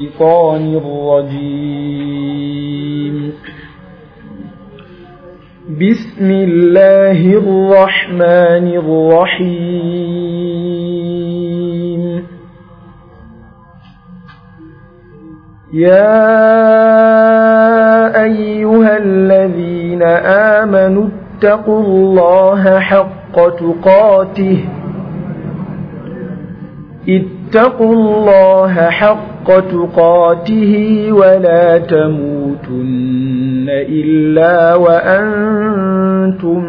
الشيطان الرجيم بسم الله الرحمن الرحيم يا أيها الذين آمنوا اتقوا الله حق تقاته اتقوا الله حق حق تقاته ولا تموتن إلا وأنتم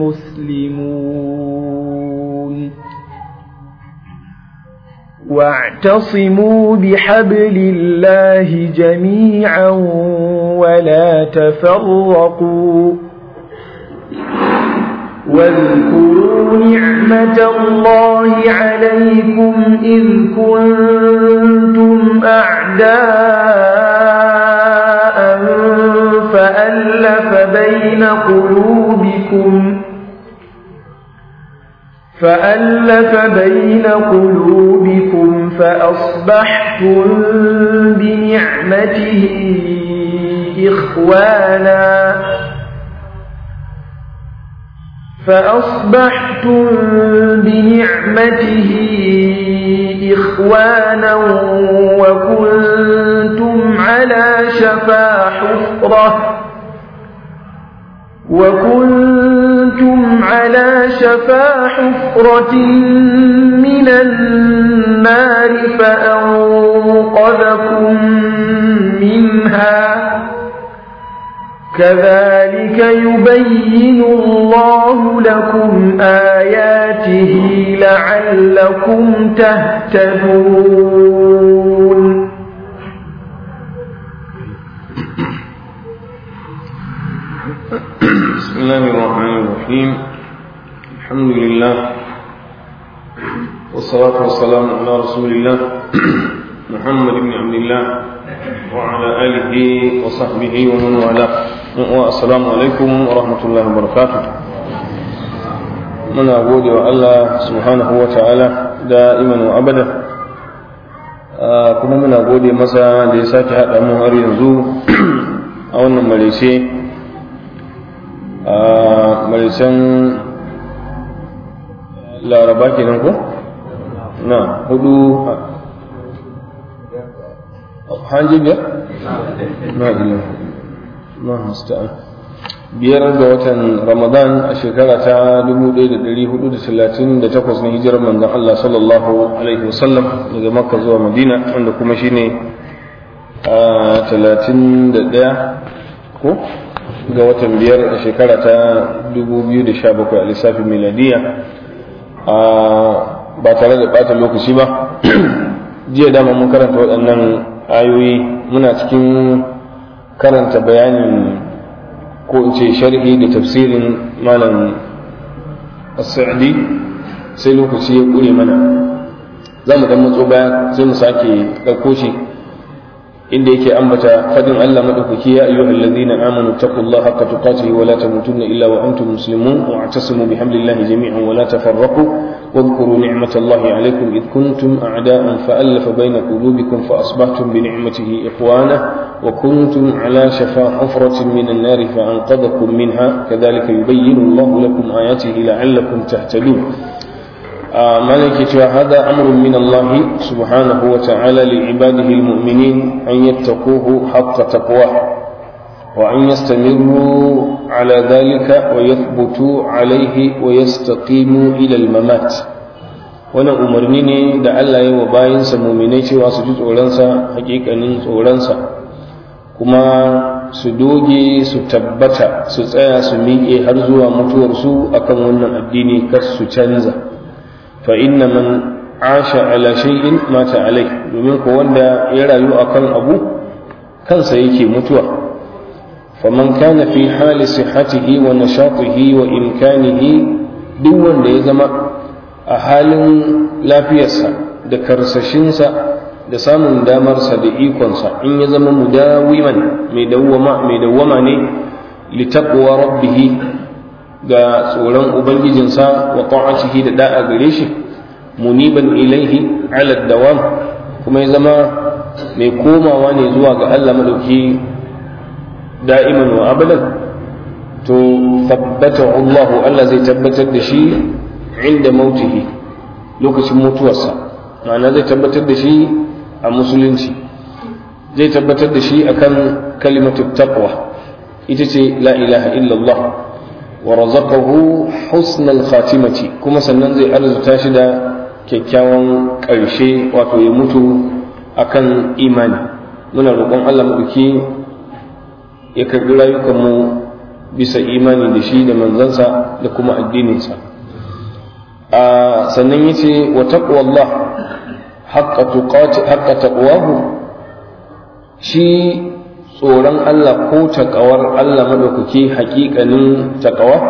مسلمون واعتصموا بحبل الله جميعا ولا تفرقوا واذكروا نعمة الله عليكم إذ كنتم أعداء فألف بين قلوبكم فألف بين قلوبكم فأصبحتم بنعمته إخوانا فأصبحتم بنعمته إخوانا وكنتم على شفا حفرة وكنتم على شفا حفرة من النار فأنقذكم منها كذلك يبين الله لكم آياته لعلكم تهتدون بسم الله الرحمن الرحيم الحمد لله والصلاة والسلام على رسول الله محمد بن عبد الله وعلى آله وصحبه ومن والاه wa assalamu alaikum wa rahmatullahi wa barakatuh muna gode wa Allah subhanahu wa ta'ala da iman wa abada kuma muna gode masa da ya sake haɗa mu har yanzu a wannan malice a malicen laraba kenan ko na hudu biyar na biyar ga watan ramadan a shekara ta 1438 na hijirar manzon Allah sallallahu alaihi wasallam daga makka zuwa madina wanda kuma shine a 31 ko ga watan biyar a shekara ta 2017 a lissafi miladiya a ba tare da bata lokaci ba jiya dama mun karanta waɗannan ayoyi muna cikin karanta bayanin ko in ce sharhi da tafsirin malam sa'adi sai lokaci ya kure mana za mu dan matso baya sai mu sake ɗauko shi inda yake ambata fadin Allah madaukaki ya ayyuhal ladzina amanu taqullaha haqqa tuqatih wa la tamutunna illa wa antum muslimun wa atasimu bihablillahi jami'an wa la tafarraqu wa dhkuru ni'matallahi 'alaykum id kuntum a'da'an fa alafa bayna qulubikum fa asbahtum bi ni'matihi قلوبكم wa kuntum 'ala shafa hufratin min an-nar fa anqadhakum minha kadhalika yubayyinu Allahu lakum ayatihi la'allakum tahtadun مالك هذا أمر من الله سبحانه وتعالى لعباده المؤمنين أن يتقوه حق تقواه وأن يستمروا على ذلك ويثبتوا عليه ويستقيموا إلى الممات wannan umarni ne da Allah ya wa bayansa muminai cewa su ji tsoronsa hakikanin tsoronsa kuma su doge su tabbata su tsaya su miƙe har zuwa mutuwarsu akan wannan addini kar su canza fa inna man asha ala shay'in mata alai domin ko wanda ya rayu akan abu kansa yake mutuwa faman kana fi hali sihhatihi wa nashatihi wa imkanihi duk wanda ya zama a halin lafiyarsa da karsashinsa da samun damarsa da ikonsa in ya zama mudawiman mai dawwama mai dawwama ne litaqwa rabbihi ga tsoron ubangijinsa wa ta'atihi da da'a gare shi muniban ilaihi ala dawam kuma ya zama mai komawa ne zuwa ga Allah madauki da'iman wa abadan to tabbata Allah Allah zai tabbatar da shi inda mautihi lokacin mutuwarsa ma'ana zai tabbatar da shi a musulunci zai tabbatar da shi akan kalimatu taqwa ita ce la ilaha illallah wa razaqahu husnal khatimati kuma sannan zai arzuta shi da kyakkyawan ƙarshe wato ya mutu akan imani muna roƙon Allah maɗauki ya karɓi rayukanmu bisa imani da shi da manzansa da kuma addininsa sannan ya ce wa taqwallah haqqa tuqati haqqa taqwahu shi tsoron Allah ko taƙawar Allah madaukaki haƙiƙanin taƙawa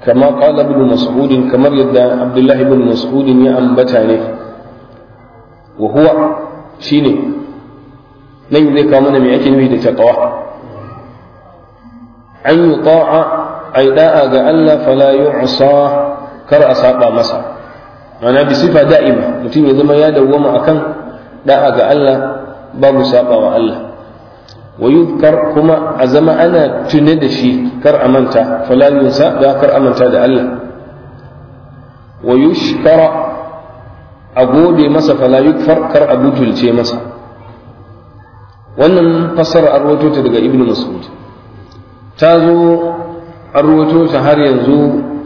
kama ƙala ibn mas'udin kamar yadda abdullahi ibn mas'udin ya ambata ne wa huwa shine nan zai kawo mana me ake nufi da taƙawa an yi ta'a ai da'a ga Allah fala yu'sa kar a saba masa ana bi sifa da'ima mutum ya zama ya dawwama akan da'a ga Allah babu saba wa Allah wa yuzkar kuma a zama ana tune da shi kar a manta fala yunsa da kar a manta da Allah wa yushkara a masa kar a masa wannan fassara an ta daga Ibn mas'ud ta zo an ta har yanzu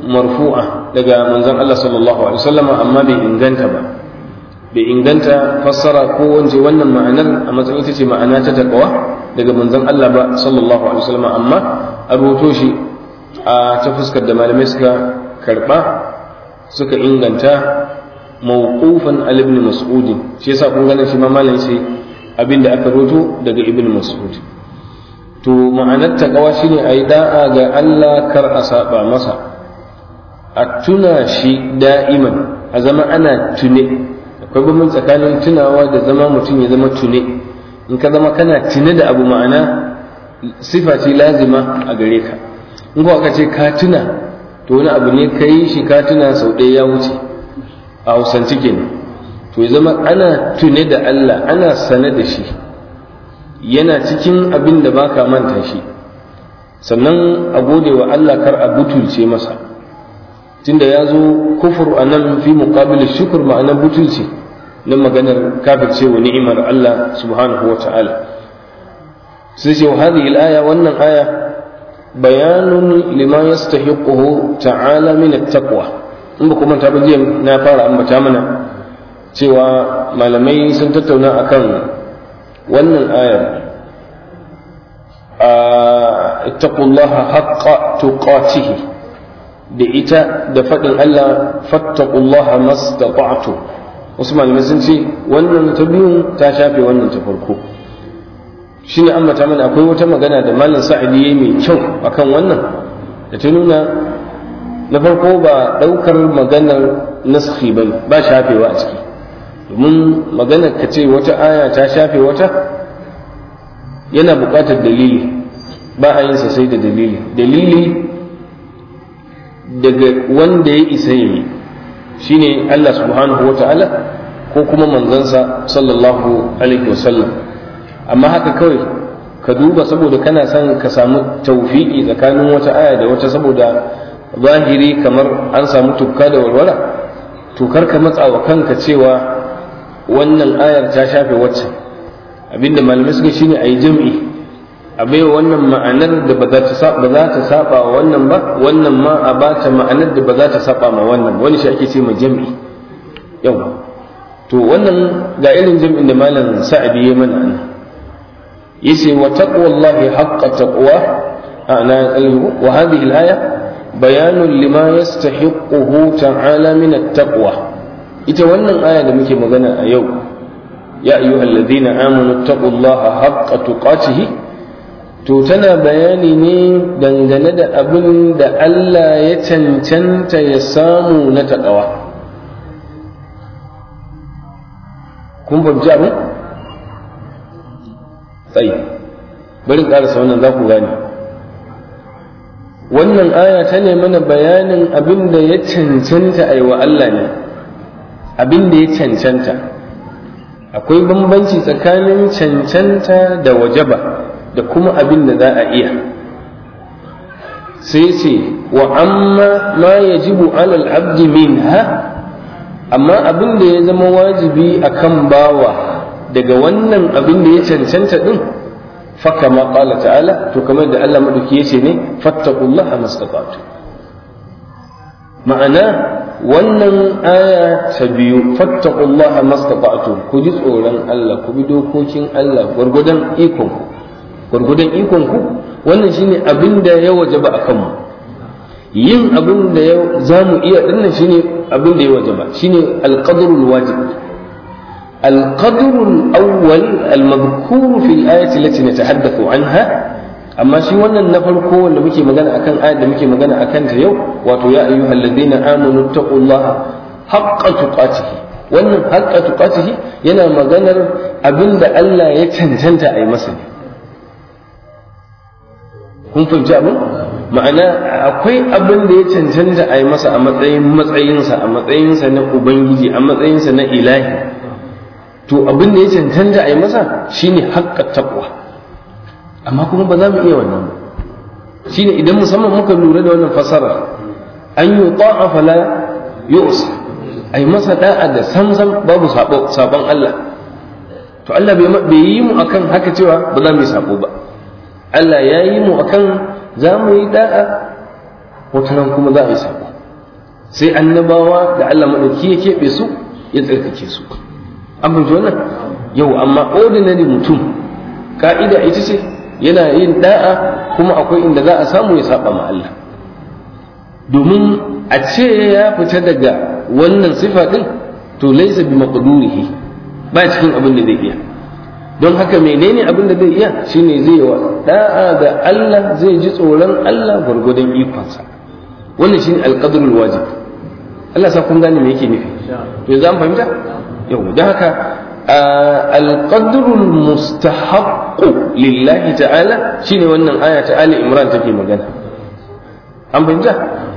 marfu'a daga manzon Allah sallallahu alaihi wasallama amma bai inganta ba bai inganta fassara ko wanje wannan ma'anar a matsayin ita ce ma'ana ta taqwa daga manzon Allah ba sallallahu alaihi wasallam amma a rubuto shi a ta fuskar da malamai suka karba suka inganta mawqufan al ibn mas'ud shi yasa kun ganin shi ma malamin sai abinda aka rubuto daga ibn mas'ud to ma'anar ta kawa shine ayi da'a ga Allah kar a saba masa a tuna shi da'iman a zama ana tune akwai bambanci tsakanin tunawa da zama mutum ya zama tune in ka zama kana tuni da abu ma'ana sifa ce lazima a gare ka in ko ka ce ka tuna to wani abu ne ka yi shi ka tuna sau ɗaya ya wuce a hausance kenan to ya zama ana tune da Allah ana sane da shi yana cikin abin da baka manta shi sannan a gode wa Allah kar a butulce masa tunda ya zo kufur anan fi muqabil shukr ma'ana butulce na maganar kafirce ni'imar Allah subhanahu wa ta'ala sai ce wa hadhihi al-aya wannan aya bayanun liman yastahiquhu ta'ala min at-taqwa in ba kuma ta ba jiya na fara ambata mana cewa malamai sun tattauna akan wannan ayar ittaqullaha haqqa tuqatih da ita da faɗin Allah fattaqullaha mastata'tum wasu malamai sun ce wannan ta biyun ta shafe wannan ta farko shi ne ambata mana akwai wata magana da malam sa'adi ya yi mai kyau akan wannan da ta nuna na farko ba ɗaukar maganar naski ba ba shafewa a ciki domin magana ka ce wata aya ta shafe wata yana buƙatar dalili ba a yin sai da dalili dalili daga wanda ya isa yi shine Allah subhanahu wata'ala ko kuma manzansa sallallahu alaihi wasallam amma haka kawai ka duba saboda kana son ka samu tawfiki tsakanin wata aya da wata saboda zahiri kamar an samu tukka da walwala to ka matsa wa kanka cewa wannan ayar ta shafe wacce. abinda malamai suka shine ayi jam'i a baiwa wannan ma'anar da ba za ta saba saba wa wannan ba wannan ma a ba ta ma'anar da ba za ta saba ma wannan wani shi ake ce ma jam'i yau to wannan ga irin jam'in da malam sa'adi ya mana ana yace wa taqwallahi haqqa taqwa ana wa hadhihi al bayanun lima yastahiqquhu ta'ala min at-taqwa ita wannan aya da muke magana a yau ya ayyuhallazina amanu taqullaha haqqa tuqatihi to tana bayani ne dangane da abin da Allah ya cancanta ya samu na taƙawa kun babji abin? tsayi barin ƙarasa wannan za ku gane wannan aya ta ne mana bayanin abin da ya cancanta a wa Allah ne abin da ya cancanta akwai bambanci tsakanin cancanta da wajaba da kuma abin da za a iya sai ce wa amma ma yajibu alal abdi ha? amma abin da ya zama wajibi akan bawa daga wannan abin da ya cancanta din faka ma qala ta'ala to kamar da Allah madauki yace ne fattaqullaha mastata'tu ma'ana wannan aya ta biyu fattaqullaha mastata'tu ku ji tsoron Allah ku bi dokokin Allah gwargwadon ikon gwargwadon ikonku, ku wannan shine abin da ya wajaba a kanmu yin abin da ya za mu iya dinnan shine abin da ya wajaba shine alqadrul wajib القدر الأول المذكور في الآية التي نتحدث عنها amma shi wannan na farko wanda muke magana akan ayat da muke magana akan ta yau wato ya ayyuhal ladina amanu taqullaha haqqa tuqatih wannan haqqa tuqatih yana maganar abin da Allah ya cancanta a yi masa ne kun fahimci abin ma'ana akwai abin da ya cancanta a yi masa a matsayin matsayinsa a matsayinsa na ubangiji a matsayinsa na ilahi to abin da ya cancanta a yi masa shine haƙƙa taƙwa amma kuma ba za mu iya wannan ba shine idan musamman muka lura da wannan fasara an yi ta'a fala yu'sa a yi masa da'a da samsam babu sabon Allah to Allah bai yi mu akan haka cewa ba za mu yi sabo ba Allah ya yi mu akan za mu yi da'a nan kuma za a yi sabo sai annabawa da Allah maɗauki ya keɓe su ya tsarkake su an fahimci yau amma ordinary mutum ka'ida ita ce yana yin da'a kuma akwai inda za a samu ya saba ma Allah domin a ce ya fita daga wannan sifa din to laisa bi maqdurihi ba cikin abin da zai iya don haka menene abin da zai iya shine zai wa da'a ga Allah zai ji tsoron Allah gwargwadon ikonsa wannan shine alqadrul wajib Allah sa kun gane me yake nufi to za mu fahimta yau don haka alqadrul mustahaq lillahi ta'ala shine wannan aya ta Ali Imran take magana an fahimta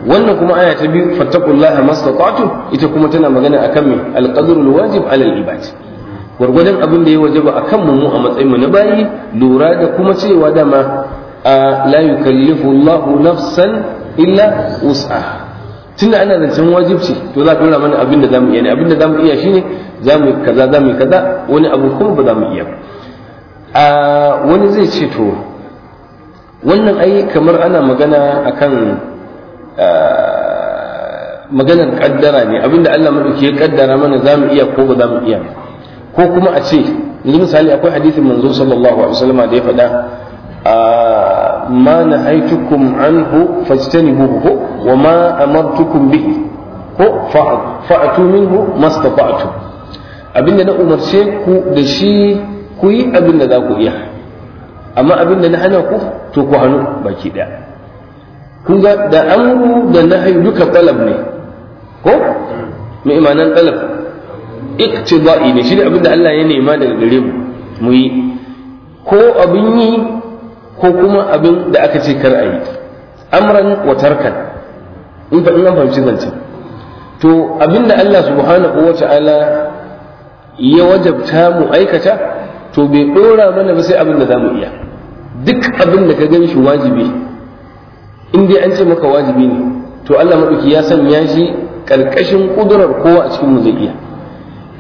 wannan kuma aya ta biyu fattaqullaha mastata'tum ita kuma tana magana akan me alqadrul wajib alal ibad gwargwadon abin da ya ba a kan mu a matsayin mu na bayi lura da kuma cewa dama a la yukallifu Allahu nafsan illa wus'aha tunda ana zancen wajibci to za ka nuna mana abin da zamu iya ne abin da zamu iya shine zamu kaza zamu kaza wani abu kuma ba zamu iya ba wani zai ce to wannan ai kamar ana magana akan maganar kaddara ne abinda Allah madauki ya kaddara mana zamu iya ko ba zamu iya ko kuma a ce yanzu misali akwai hadithin manzo sallallahu alaihi wasallam da ya faɗa ma nahaitukum anhu fajtanibuhu ko wa ma amartukum bihi ko fa'atu minhu mastata'tum abinda na umarce ku da shi ku yi abinda za ku iya amma abinda na hana ku to ku hannu baki daya kun ga da amru da na haiduka talab ne ko mai imanan talab iqtida'i ne shine abin da Allah ya nema daga gare mu mu yi ko abin yi ko kuma abin da aka ce kar a yi amran wa tarkan in fa in fahimci zancen to abin da Allah subhanahu wa ta'ala ya wajabta mu aikata to bai dora mana ba sai abin da zamu iya duk abin da ka gan shi wajibi in dai an ce maka wajibi ne to Allah maɗauki ya sanya shi ƙarƙashin ƙudurar kowa a cikin mu zai iya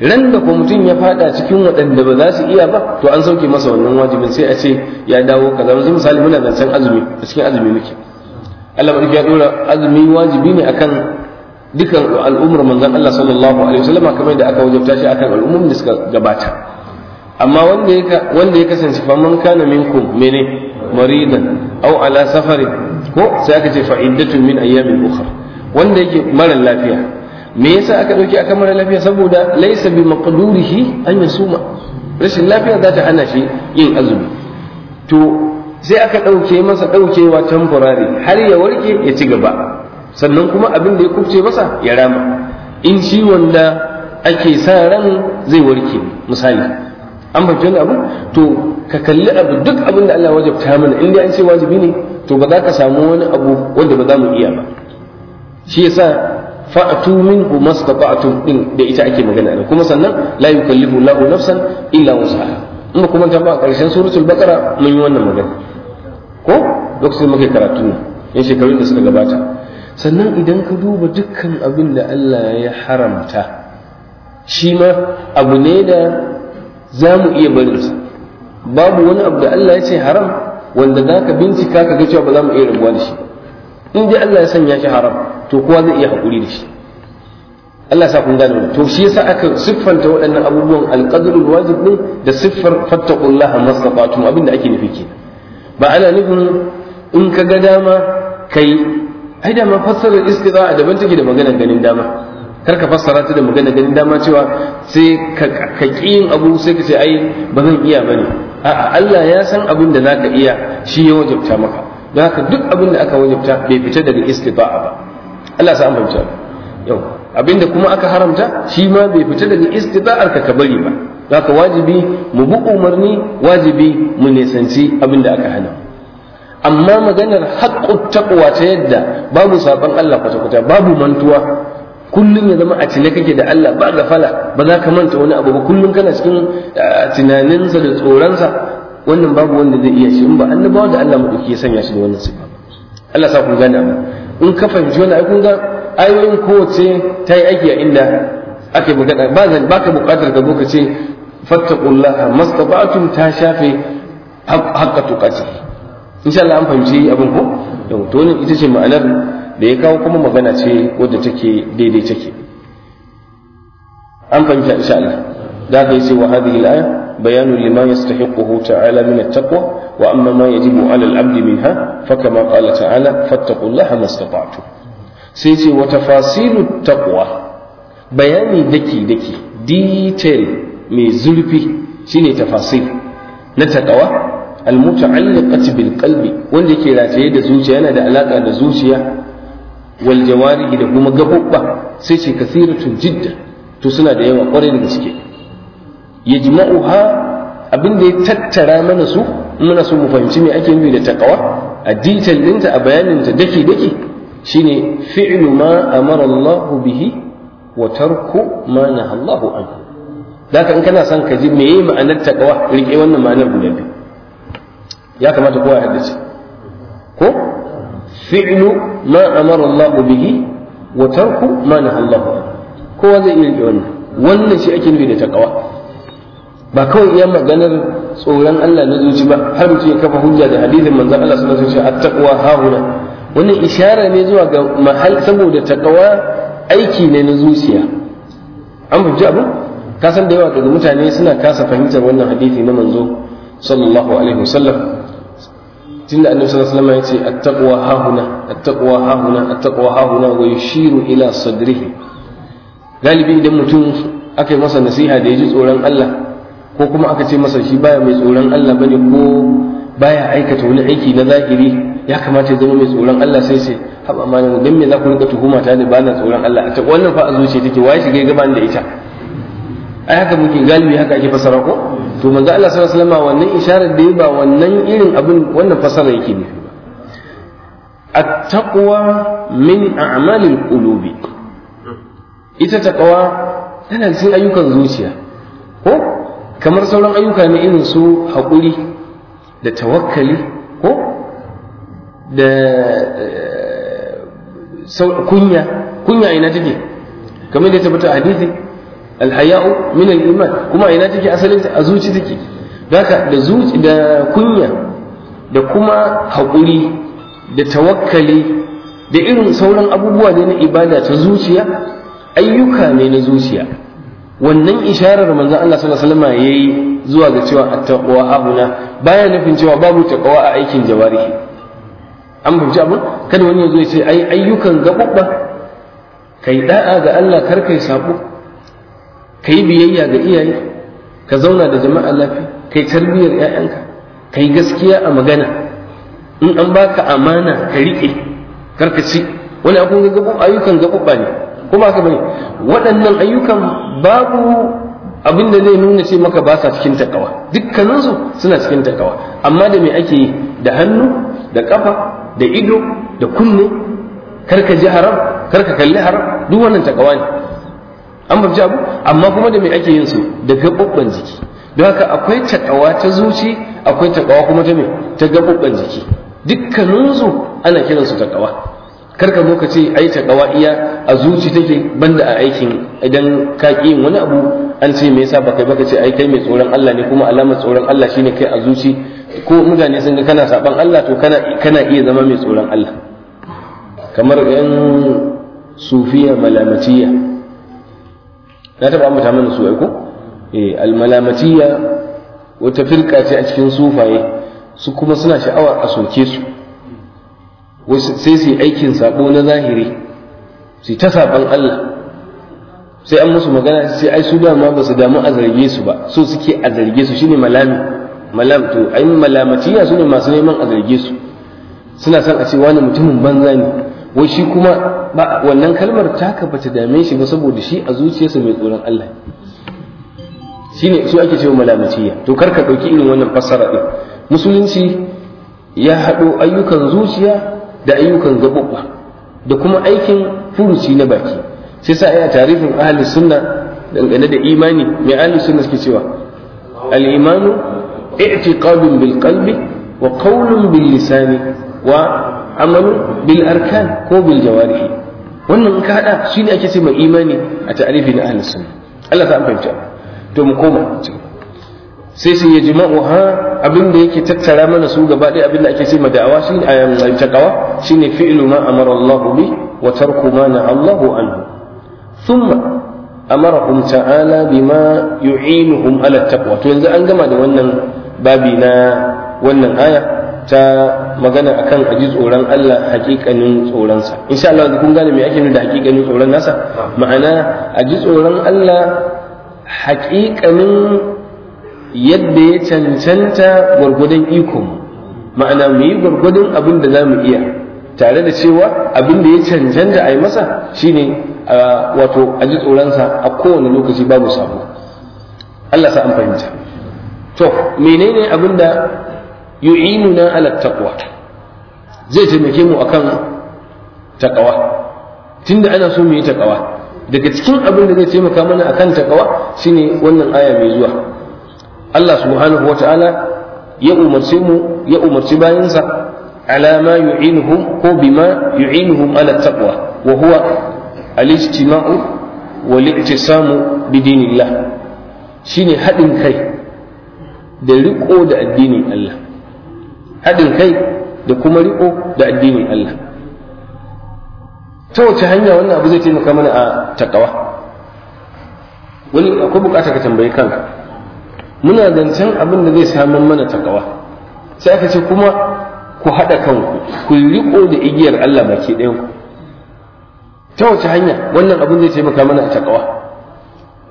ran da ko mutum ya fada cikin waɗanda ba za su iya ba to an sauke masa wannan wajibin sai a ce ya dawo kaza yanzu misali muna zancen azumi a cikin azumi muke Allah barki ya dora azumi wajibi ne akan dukan al'ummar manzon Allah sallallahu alaihi wasallam kamar da aka wajabta shi akan al'ummar da suka gabata amma wanda ya wanda ya kasance fa man kana minkum mene maridan aw ala safarin ko sai aka ce fa iddatun min ayyamin ukhra wanda yake mara lafiya me yasa aka ɗauki a mara lafiya saboda laysa bi maqdurihi an yasuma rashin lafiya za ta hana shi yin azumi to sai aka ɗauke masa ɗaukewa temporary har ya warke ya ci gaba sannan kuma abin da ya kubce masa ya rama in shi wanda ake sa ran zai warke misali an fahimci wani abu to ka kalli abu duk abin da Allah wajabta mana in dai an ce wajibi ne to ba za ka samu wani abu wanda ba za mu iya ba shi yasa fa'atu minhu mastata'tum din da ita ake magana kuma sannan la yukallifu Allahu nafsan illa wus'aha in kuma ta ba karshen suratul baqara mun yi wannan magana ko lokacin muke karatu ne in shekarun da suka gabata sannan idan ka duba dukkan abin da Allah ya haramta shi ma abu ne da za mu iya barinsa babu wani abu da Allah ya ce haram wanda za ka bincika ka ga cewa ba za mu iya rabuwa da shi ba in dai Allah ya sanya shi haram to kowa zai iya haƙuri da shi Allah sa kun gane to shi yasa aka siffanta waɗannan abubuwan alqadrul wajib ne da siffar fattaqullaha abin abinda ake nufi ke ba ana nufin in ka ga dama kai ai da ma fassara fassarar a daban take da magana ganin dama kar ka fassara ta da maganar ganin dama cewa sai ka yin abu sai ka ce ai ba zan iya bane a'a Allah ya san abin da zaka iya shi ya wajabta maka don haka duk abin da aka fita bai fita daga istifa'a ba Allah sa an fahimta yau abin da kuma aka haramta shi ma bai fita daga istifa'ar ka bari ba don haka wajibi mu bi umarni wajibi mu nisanci abin da aka hana amma maganar haƙƙo taƙwa ta yadda babu sabon Allah kwata-kwata babu mantuwa kullum ya zama a cile kake da Allah ba fala ba za ka manta wani abu ba kullum kana cikin eh, tunaninsa da tsoronsa wannan babu wanda zai iya shi in ba annabawa da Allah madauki ya sanya shi da wannan sifa Allah sa ku gane amma in ka fahimci wannan ai kun ga ayoyin kowace ta yi aiki a inda ake magana ba zan baka buƙatar ka ka ce fattaqullaha mastata'tum ta shafe haqqa tuqati insha Allah an fahimci abin ko to ne ita ce ma'anar da ya kawo kuma magana ce wadda take daidai take an fahimta insha Allah da ka sai wa hadhihi al-aya bayanu lima yastahiquhu ta'ala min at-taqwa wa amma ma yajibu 'ala al-'abdi minha fa kama qala ta'ala fattaqullaha mastata'tum sai ce wa tafasilut taqwa bayani daki daki detail mai zurfi shine tafasil na taqwa almuta'alliqati bil qalbi wanda yake rataye da zuciya yana da alaka da zuciya wal jawarihi da kuma gabobba sai ce kasiratun jidda to suna da yawa kwarai da gaske yajma'uha abin da ya tattara mana su muna su mu fahimci me ake nufi da taqwa a detail ɗinta a bayaninta dake dake shine fi'lu ma amara Allah bihi wa tarku ma naha Allah anhu daka in kana son ka ji meye ma'anar taqwa rike wannan ma'anar guda ya kamata kowa ya haddace ko fi'lu ma amara Allah bihi wa tarku ma naha Allah anhu kowa zai iya rike wannan wannan shi ake nufi da taqwa ba kawai iya maganar tsoron Allah na zuci ba har mutum ya kafa hujja da hadisin manzon Allah sallallahu alaihi wasallam at-taqwa hauna wannan ishara ne zuwa ga mahal saboda taqwa aiki ne na zuciya an fahimci abu ka san da yawa daga mutane suna kasa fahimtar wannan hadisi na manzo sallallahu alaihi wasallam tunda annabi sallallahu alaihi wasallam ya ce at-taqwa hauna at-taqwa hauna at-taqwa hauna wa yushiru ila sadrihi galibi idan mutum aka yi masa nasiha da ya ji tsoron Allah ko kuma aka ce masa shi baya mai tsoron Allah bane ko baya aikata wani aiki na zahiri ya kamata ya zama mai tsoron Allah sai sai haba malam dan me za ku rika tuhuma ta da ba tsoron Allah a cikin wannan fa a zuciya take waye shige gaban da ita ai haka muke galibi haka ake fasara ko to manzo Allah sallallahu alaihi wasallam wannan isharar da ba wannan irin abin wannan fasara yake ne. ba at-taqwa min a'malil qulubi ita taqwa tana cikin ayyukan zuciya ko kamar sauran ayyuka ne irin su haƙuri da tawakkali ko da eh, kunya kunya ina take kamar da ta fita hadisi alhaya'u min al-iman kuma ina take asalin a zuci take haka da zuci da kunya da kuma haƙuri da tawakkali da irin sauran abubuwa ne na ibada ta zuciya ayyuka ne na zuciya wannan isharar manzon Allah sallallahu alaihi wasallam yayi zuwa ga cewa at-taqwa abuna baya nufin cewa babu taqwa a aikin jawari an fahimci abun kada wani ya zo ya ce ai ayyukan gabubba kai da'a ga Allah kar kai sabo kai biyayya ga iyaye ka zauna da jama'a lafiya kai tarbiyyar ƴaƴanka kai gaskiya a magana in an baka amana ka rike kar ka ci wani abun ga ayyukan gabubba ne kuma ka bane waɗannan ayyukan babu abin da zai nuna ce maka ba sa cikin takawa dukkaninsu suna cikin takawa amma da me ake da hannu da ƙafa, da ido da kunne karka ji haram karka kalli haram duk wannan takawa ne an babci abu amma kuma da me ake yin su da gaɓoɓɓan jiki don haka akwai takawa ta zuci akwai takawa kuma ta me ta gaɓoɓɓan jiki dukkaninsu ana kiransu takawa kar ka zo ka ce ai ta a zuci take banda a aikin idan ka ki yin wani abu an ce me yasa baka baka ce ai kai mai tsoron Allah ne kuma alamar tsoron Allah shine kai a zuci ko mutane sun ga kana saban Allah to kana kana iya zama mai tsoron Allah kamar yan sufiya malamatiya na taba ta mana su ai ko eh malamatiya wata firka ce a cikin sufaye su kuma suna sha'awar a soke su sai su yi aikin sabo na zahiri su ta saban Allah sai an musu magana sai ai su dama ba su damu a zarge su ba so suke a zarge su shine malami malam to ai malamatiya su ne masu neman a zarge su suna son a ce wani mutumin banza ne wai shi kuma ba wannan kalmar taka bata dame shi ba saboda shi a zuciyarsa mai tsoron Allah shine su ake cewa malamatiya to kar ka dauki irin wannan fassara din musulunci ya haɗo ayyukan zuciya da ayyukan gaɓuɓɓa da kuma aikin furuci na baki sai sa a tarifin ahli sunna dangane da imani mai ahli sunna suke cewa al-imanu i'tiqadun bil qalbi wa qawlun bil lisani wa amalu bil arkan ko bil jawarihi wannan in ka hada shine ake ce mai imani a ta'rifi na ahli sunna Allah ta fahimta to mu koma cikin sai su yi jima'u ha abin da yake tattara mana su gaba ɗaya abin da ake ce mada'awa da'awa shi a um, taqawa shine fi'lu ma amara Allah bi wa tarku ma na Allah anhu thumma amarahum ta'ala bima yu'inuhum ala taqwa to yanzu an gama da wannan babi na wannan aya ta magana akan aji tsoron Allah hakikanin tsoronsa insha Allah kun gane me ake nufi da hakikanin tsoron nasa ma'ana aji tsoron Allah hakikanin yadda ya cancanta gwargwadon iko ma'ana mu yi gwargwadon abin da za mu iya tare da cewa abin da ya cancanta a yi masa shine wato a ji tsoronsa a kowane lokaci babu samu. Allah sa an fahimta to menene abin da yu'inuna ala taqwa zai taimake mu akan taqwa tunda ana so mu yi taqwa daga cikin abin da zai taimaka mana akan taqwa shine wannan aya mai zuwa Allah subhanahu ta’ala ya umarci mu ya umarci bayansa ala ma yu'inuhum ko bima yu'inuhum ala taqwa wa huwa al-ijtima'u al i'tisamu bi dinillah shine hadin kai da riko da addinin Allah hadin kai da kuma riko da addinin Allah ta wace hanya wannan abu zai taimaka mana a taqwa wani akwai bukatar ka tambaye kanka muna zancen abin da zai samun mana takawa sai aka ce kuma ku haɗa kanku ku riƙo da igiyar Allah baki ɗayan ku ta wace hanya wannan abin zai taimaka mana a takawa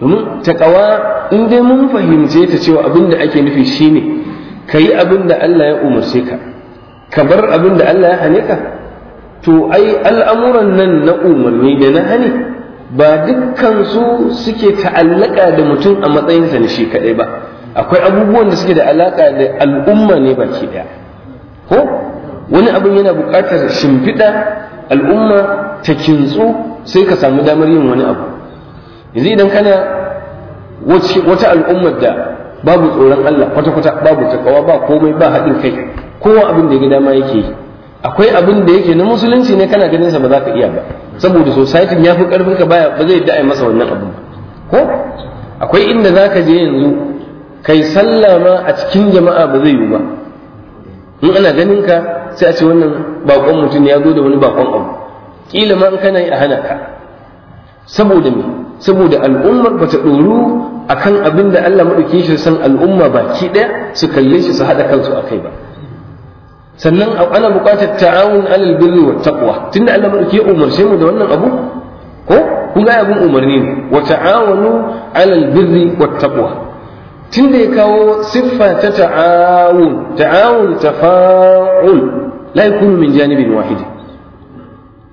domin takawa in dai mun fahimce ta cewa abin da ake nufi shine ka yi abin da Allah ya umarce ka ka bar abin da Allah ya hane ka to ai al'amuran nan na umarni da na hane ba dukkan su suke ta'allaka da mutum a matsayinsa na shi kaɗai ba akwai abubuwan da suke da alaka da al'umma ne baki daya ko wani abin yana buƙatar shimfiɗa al'umma ta kintsu sai ka samu damar yin wani abu yanzu idan kana wata al'ummar da babu tsoron Allah kwata-kwata babu takawa ba komai ba haɗin kai kowa abin da ya ga dama yake yi akwai abin da yake na musulunci ne kana ganin sa ba za ka iya ba saboda society ya fi karfin ka baya ba zai da'a masa wannan abin ko akwai inda za ka je yanzu kai sallah ma a cikin jama'a ba zai yiwu ba in ana ganin ka sai a ce wannan bakon mutum ya zo da wani bakon abu kila ma in kana yi a hana ka saboda me saboda al'ummar ba ta ɗoru akan abin da Allah maɗauke shi san al'umma baki ɗaya su kalle shi su haɗa kansu a kai ba sannan ana buƙatar ta'awun alal birri wa taqwa tunda Allah maɗauke umarce mu da wannan abu ko kun ga abin umarni ne wa ta'awunu alal birri wa taqwa tun da ya kawo siffa ta ta'awun ta'awun tafa'ul la yakunu min janibin wahid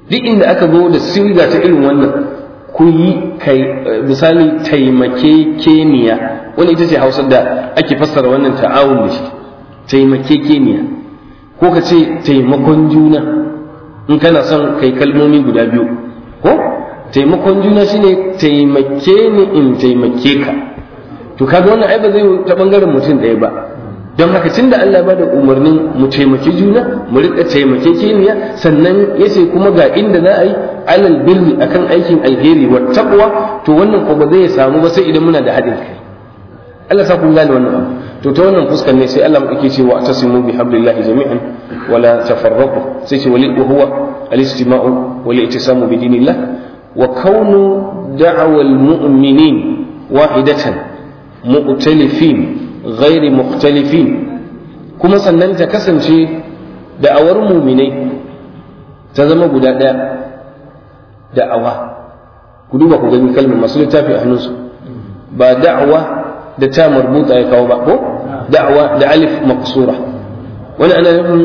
duk inda aka zo da sirga ta irin wannan ku yi misali taimake keniya wani ita ce hausar da ake fassara wannan ta'awun da shi taimake keniya ko ka ce taimakon juna in kana son kai kalmomi guda biyu ko taimakon juna shine taimake ni in taimake ka to kaga wannan ai ba zai ta bangaren mutum ɗaya ba don haka tun da Allah ba da umarnin mu taimaki juna mu riƙa taimake keniya sannan ya ce kuma ga inda za a yi alal birni akan aikin alheri wa taqwa to wannan ko ba zai samu ba sai idan muna da haɗin kai Allah sa kun gane wannan abu to ta wannan fuskar ne sai Allah yake ce wa tasimu bi hablillahi jami'an wala tafarraqu sai ce wali huwa al-istima'u wal bi dinillah wa kaunu da'wal mu'minin wahidatan mu'talifin ghairi mukhtalifin kuma sannan ta kasance da'awar muminai ta zama guda ɗaya da'awa ku duba ku gani kalmar masu littafi a hannunsu ba da'awa da ta marbuta ya kawo ba ko da'awa da alif maqsura wani ana yin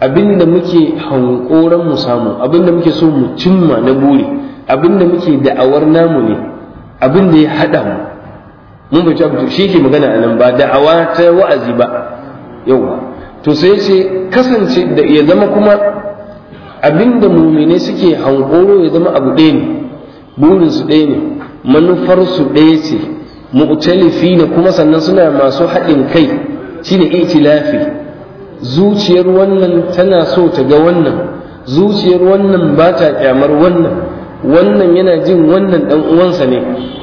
abinda muke hankoran mu samu abinda muke so mu cimma na buri abinda muke da'awar namu ne abinda ya haɗa mu mun bai cewa shi ke magana a nan ba da'awa ta wa'azi ba yauwa to sai ce kasance da ya zama kuma abinda mumine suke hankoro ya zama abu ɗaya ne burinsu ɗaya ne manufarsu ɗaya ce mu'talifi ne kuma sannan suna masu haɗin kai shi iti itilafi zuciyar wannan tana so ta ga wannan zuciyar wannan ba ta kyamar wannan wannan yana jin wannan dan uwansa ne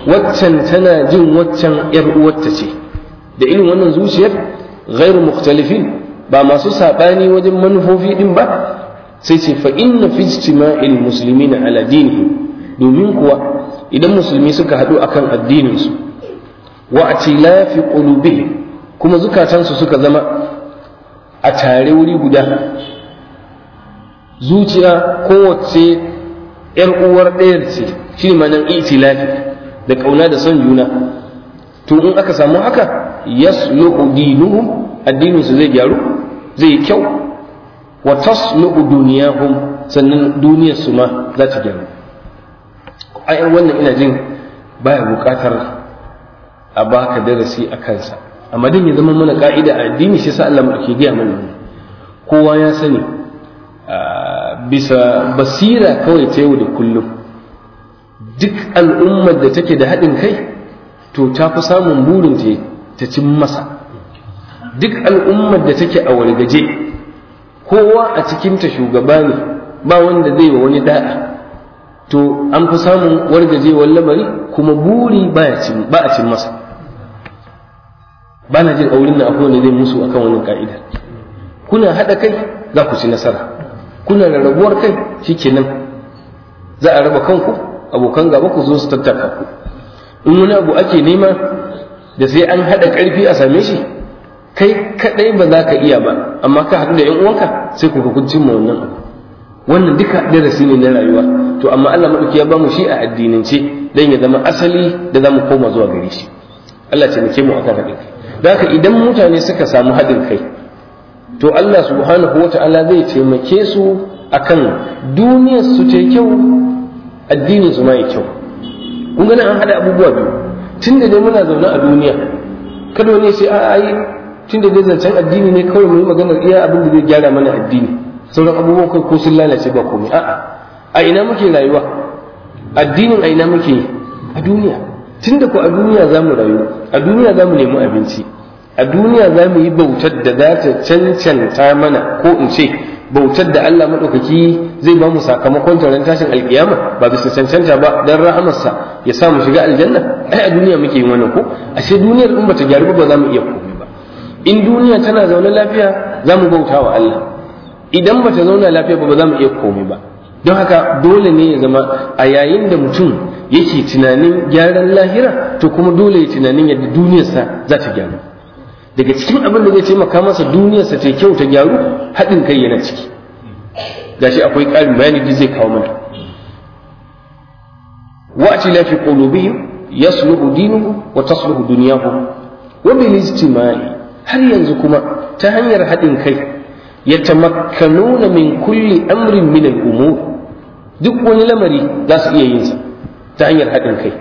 waccan tana jin waccan yar uwarta ce da irin wannan zuciyar ghairu mukhtalifin ba masu sabani wajen manufofi din ba sai ce fa inna fi ijtima'il muslimina ala dinihim domin kuwa idan musulmi suka haɗu akan addininsu wa lafi qulubihim kuma zukatansu suka zama a tare wuri guda zuciya kowace ‘yar uwar ɗayar ce shi manan itilafi da ƙauna da son juna to in aka samu haka yasluhu dinuhum addinin su zai gyaru zai yi kyau wa tasluhu duniyahum sannan duniyar su ma za ta gyaru ai wannan ina jin baya buƙatar a baka darasi a kansa amma din ya zama mana ka'ida a addini shi sa Allah mu ke gaya mana kowa ya sani ah, bisa basira kawai ta yau da kullum duk al'ummar da take da haɗin kai to ta fi samun burin ta cin masa duk al'ummar da take a wargaje kowa a cikinta shugaba ne ba wanda zai wa wani da'a to an fi samun wargajewar lamari kuma buri ba a cin masa ba na jin aurin na akwai wani zai musu akan wani ka'ida kuna haɗa kai za ku ci nasara kuna da rabuwar kai nan za a raba kanku abokan gaba ku zo su tattaka ku in wani abu ake nema da sai an haɗa ƙarfi a same shi kai kaɗai ba za ka iya ba amma ka haɗu da yan uwanka sai ku ga kun cimma wannan abu wannan duka darasi ne na rayuwa to amma Allah madauki ya ba mu shi a addinance dan ya zama asali da zamu koma zuwa gare shi Allah ce ce mu akan haɗin kai da haka idan mutane suka samu haɗin kai to Allah subhanahu wa ta'ala zai taimake su akan duniya su ta kyau addinin su ma ya kyau kun gani an hada abubuwa biyu tunda dai muna zaune a duniya kada wani sai a tun tunda dai zancen addini ne kawai mu yi maganar iya abin da zai gyara mana addini sauran abubuwa kai ko sun lalace ba komai a'a a ina muke rayuwa addinin a ina muke a duniya tunda ko a duniya za mu rayu a duniya za mu nemi abinci a duniya za mu yi bautar da za ta cancanta mana ko in ce bautar da Allah maɗaukaki zai ba mu sakamakon taron tashin alkiyama ba bisa cancanta ba don rahamarsa ya sa mu shiga aljanna ai a duniya muke yin wannan ko ashe duniyar in bata gyaru ba za mu iya komai ba in duniya tana zaune lafiya za mu bauta wa Allah idan bata zauna lafiya ba ba za mu iya komai ba don haka dole ne ya zama a yayin da mutum yake tunanin gyaran lahira to kuma dole ya tunanin yadda duniyarsa za ta gyaru daga cikin abin da zai taimaka masa duniyarsa ta kyau ta gyaru haɗin kai yana ciki gashi akwai ƙarin bayani da zai kawo mana wa'ati la fi qulubihim yasluhu dinuhum wa tasluhu dunyahum wa bil ijtima'i har yanzu kuma ta hanyar haɗin kai ya yatamakkanuna min kulli amrin min al-umur duk wani lamari za su iya yin sa ta hanyar haɗin kai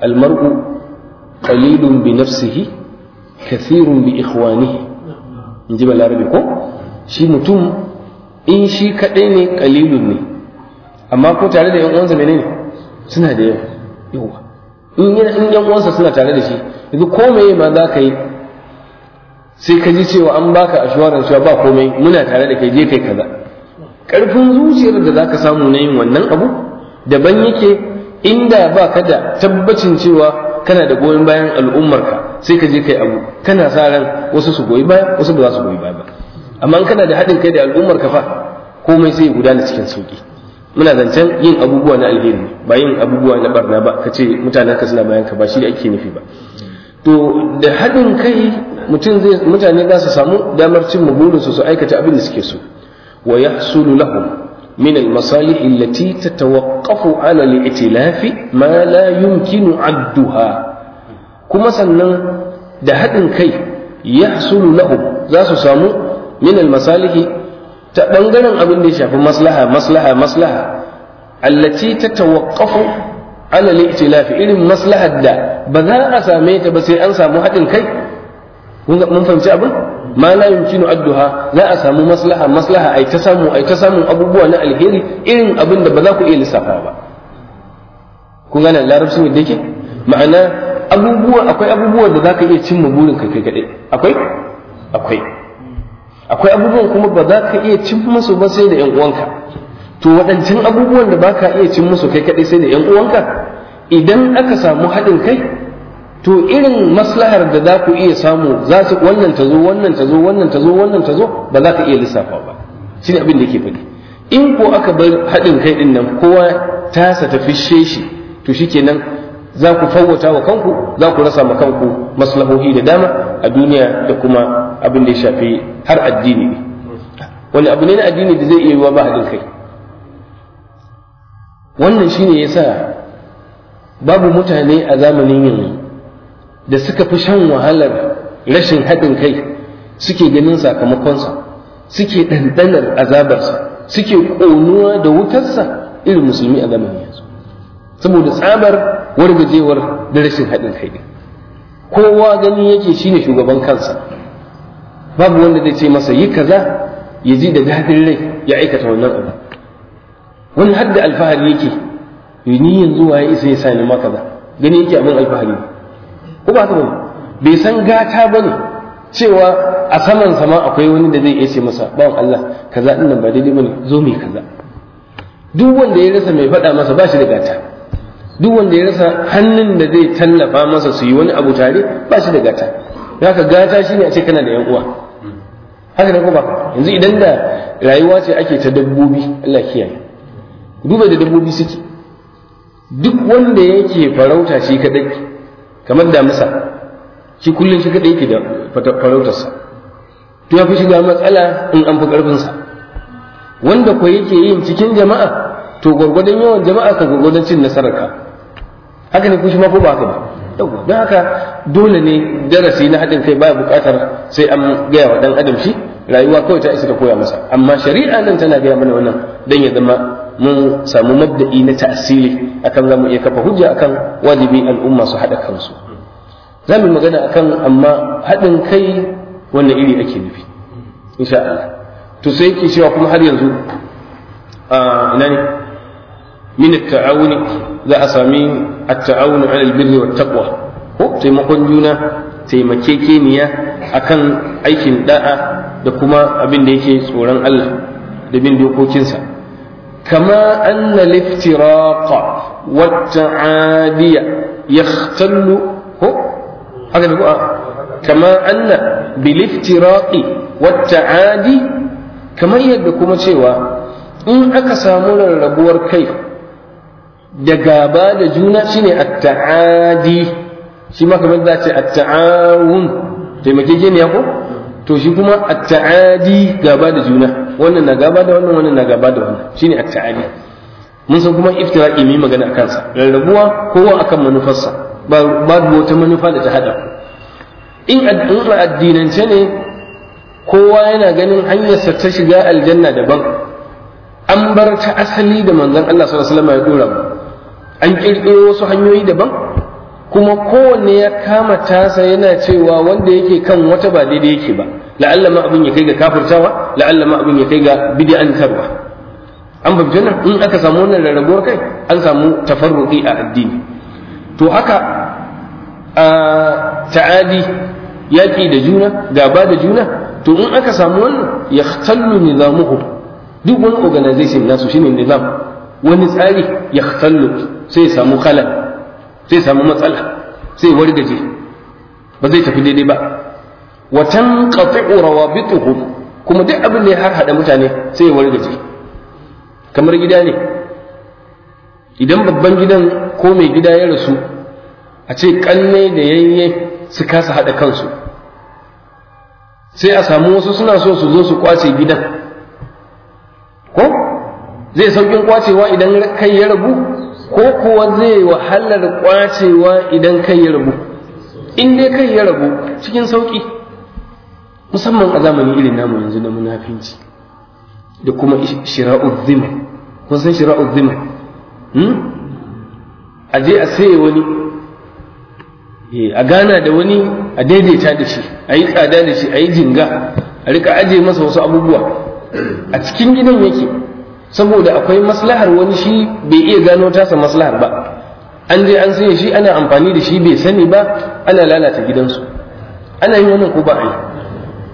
al-mar'u qalilun bi nafsihi Kasirun bi ikhwanihi in ji balarabe ko shi mutum in shi kaɗai ne kalilun ne amma ko tare da yan uwansa menene suna da yawa yawa in in yan uwansa suna tare da shi yanzu ko meye ma za ka yi sai ka ji cewa an baka assurance cewa ba komai muna tare da kai je kai kaza karfin zuciyar da zaka samu na yin wannan abu daban yake inda ba ka da tabbacin cewa kana da goyon bayan al'ummarka sai ka je kai abu kana sa ran wasu su goyi baya wasu ba za su goyi baya ba amma kana da haɗin kai da al'ummarka fa komai sai gudana cikin sauki muna zancen yin abubuwa na alheri ba yin abubuwa na barna ba ka ce mutanen ka suna bayan ka ba shi da ake nufi ba to da haɗin kai mutum zai mutane za su samu damar cin burinsu su aikata abin da suke so wa yahsulu lahum من المصالح التي تتوقف على الائتلاف ما لا يمكن عدها كما سنن da haɗin kai ya hasulu lahu za samu minal almasalihi ta ɓangaren abin da ya shafi maslaha maslaha maslaha allati ta tawaqqafu ala al-i'tilaf irin maslahar da ba za a same ta ba sai an samu haɗin kai mun fahimci abin ma la yumkinu adduha za a samu maslaha maslaha ai ta samu ai ta samu abubuwa na alheri irin abin da ba za ku iya lissafa ba kun gane larabcin yadda yake ma'ana abubuwa akwai abubuwa da za ka iya cimma burin kai kaɗai akwai akwai akwai abubuwan kuma ba za ka iya cin musu ba sai da yan uwanka to waɗancan abubuwan da ba ka iya cin musu kai kaɗai sai da yan uwanka idan aka samu haɗin kai to irin maslahar da za ku iya samu za su wannan ta zo wannan ta zo wannan ta zo wannan ta zo ba za ka iya lissafa ba shi ne abin da ke faɗi in ko aka bar haɗin kai ɗin nan kowa tasa ta fishe shi to nan za ku fawwata wa kanku za ku rasa ma kanku maslahohi da dama a duniya da kuma abin da ya shafi har addini ne wani abu ne na addini da zai iya yiwa ba haɗin kai wannan shine yasa babu mutane a zamanin yanzu da suka fi shan wahalar rashin haɗin kai suke ganin sakamakonsa suke ɗanɗanar azabarsa suke ƙonuwa da wutarsa irin musulmi a zamanin yanzu saboda tsabar wargajewar da rashin haɗin kai kowa gani yake shine shugaban kansa babu wanda zai ce masa yi kaza ya ji da daɗin rai ya aikata wannan abu wani har da alfahari yake ni yanzu waye isa ya sani maka gani yake abin alfahari ko ba haka bane bai san gata ba ne cewa a saman sama akwai wani da zai iya ce masa bawan Allah kaza din nan ba daidai bane zo mai kaza duk wanda ya rasa mai faɗa masa ba shi da gata duk wanda ya rasa hannun da zai tallafa masa su yi wani abu tare ba shi da gata haka gata shine a ce kana da yan uwa haka ne ko ba yanzu idan da rayuwa ce ake ta dabbobi Allah kiyaye duba da dabbobi suke duk wanda yake farauta shi kadai kamar damisa shi kullum shi kaɗai yake da farautarsa to ya fi shiga matsala in an fi ƙarfinsa wanda ko yake yin cikin jama'a to gwargwadon yawan jama'a ka gwargwadon cin nasarar ka haka ne kushi ma ko ba haka ba don haka dole ne darasi na haɗin kai baya buƙatar sai an gaya wa ɗan adam shi rayuwa kawai ta isa ta koya masa amma shari'a nan tana gaya mana wannan dan ya zama mun samu mabda'i na tasiri akan zamu iya kafa hujja akan wajibi al'umma su haɗa kansu za mu magana akan amma haɗin kai wannan iri ake nufi insha Allah to sai ke cewa kuma har yanzu ina ne min za a sami at-ta'awun 'ala al-birri wat-taqwa ko taimakon juna taimakekeniya akan aikin da'a da kuma abin da yake tsoron Allah da bin dokokinsa كما أن الافتراق والتعادي يختل كما أن بالافتراق والتعادي كما يدكم سوى إن أكسامون الربور كيف da gaba da juna shine at-ta'adi shi ma kamar zace at-ta'awun taimakekeniya ko to shi kuma a taadi gaba da juna wannan na gaba da wannan wannan na gaba da wannan shine a taadi mun san kuma iftiraqi mai magana akan sa rarrabuwa kowa akan manufarsa ba babu wata manufa da ta hada in addinance ne kowa yana ganin hanyarsa ta shiga aljanna daban an bar ta asali da manzon Allah sallallahu alaihi wasallam ya dora an kirkiro wasu hanyoyi daban kuma kowanne ya kama tasa yana cewa wanda yake kan wata ba daidai yake ba la'alla ma abin ya kai ga kafirtawa la'alla ma abin ya kai ga tarwa an fahimci jannah in aka samu wannan rarrabuwar kai an samu tafarruqi a addini to haka a ta'adi yaƙi da juna gaba da juna to in aka samu wannan ya khallu nizamuhu duk wani organization nasu shine nizam wani tsari ya khallu sai ya samu khalal Sai samu matsala da wargaje ba zai tafi daidai ba watan qati'u rawabituhum kuma duk abin da ya har hada mutane sai ya wargaje kamar gida ne idan babban gidan ko mai gida ya rasu a ce kanne da yanye su kasa haɗa kansu sai a samu wasu suna so su zo su kwace gidan ko zai saukin kwacewa idan kai ya rabu ko kuwa zai wahalar kwacewa idan kai ya rabu in dai kan ya rabu cikin sauki musamman a zamani irin namu yanzu na munafinci da kuma shira'ud zima kun san shira'ud zima hmm? a je a saye wani eh, a gana da wani a daidaita da shi a yi tsada da shi a yi jinga a rika aje masa wasu abubuwa a cikin gidan yake saboda akwai maslahar wani shi bai iya gano tasa maslahar ba an je an sai shi ana amfani da shi bai sani ba ana lalata gidansu ana yin wannan ko ba a yi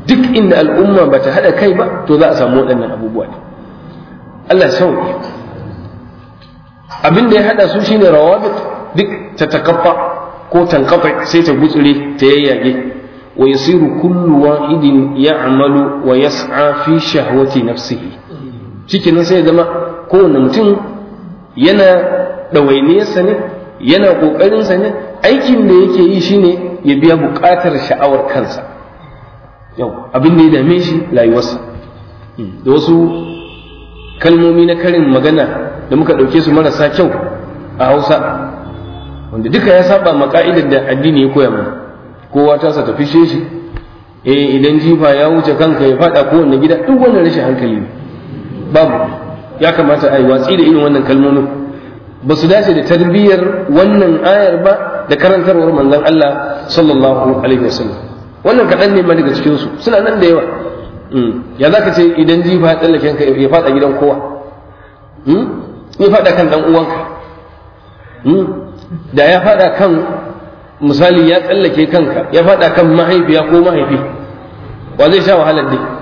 duk inda al'umma ba ta haɗa kai ba to za a samu waɗannan abubuwa ne Allah sauƙi abin da ya haɗa su shine rawabit duk ta takaffa ko tankafa sai ta gutsure ta yayyage wa yasiru kullu wahidin ya'malu wa yas'a fi shahwati nafsihi nan sai ya zama kowane mutum yana ɗawainiyarsa ne yana ƙoƙarinsa ne aikin da yake yi shine ya biya buƙatar sha'awar kansa yau abin da ya dame shi layuwarsa. Hmm, da wasu kalmomi na karin magana da muka ɗauke su marasa kyau a hausa wanda duka ya saba ma ka'idar da addini ya koya mana kowa ta sa tafi shi eh idan jifa ya wuce kanka ya faɗa kowane gida duk wannan rashin hankali ne babu ya kamata a yi watsi da irin wannan kalmomin ba su dace da tarbiyyar wannan ayar ba da karantarwar manzon Allah sallallahu alaihi wasallam wannan kaɗan ne ma daga cikin su suna nan da yawa hmm. ya za ka ce idan jifa ya tsallaken ka ya faɗa gidan kowa hmm? ya faɗa kan ɗan uwanka hmm? da ya faɗa kan misali ya tsallake kanka ya faɗa kan mahaifiya ko mahaifi wa zai sha wahalar dai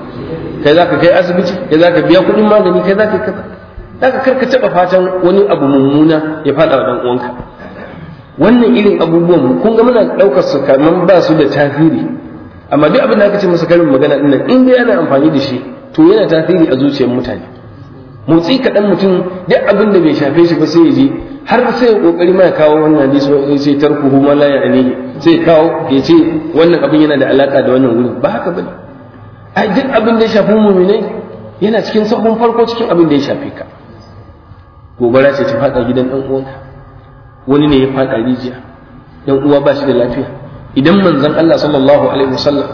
kai za ka kai asibiti kai za ka biya kuɗin magani kai za ka kaza za karka taɓa fatan wani abu mummuna ya faɗa wa ɗan uwanka wannan irin abubuwan kun ga muna ɗaukar su kamar ba su da tasiri amma duk abin da aka ce masa karin magana ɗin nan in dai ana amfani da shi to yana tasiri a zuciyar mutane motsi kaɗan mutum duk abin da bai shafe shi ba sai ya je har sai kokari ma ya kawo wannan hadisi wani sai tarku huma la ya sai kawo ya ce wannan abin yana da alaka da wannan wuri ba haka bane ai duk abin da ya shafi muminai yana cikin sabon farko cikin abin da ya shafe ka gobara ce ta faɗa gidan dan uwanka wani ne ya faɗa rijiya Dan uwa ba shi da lafiya idan manzon Allah sallallahu alaihi wasallam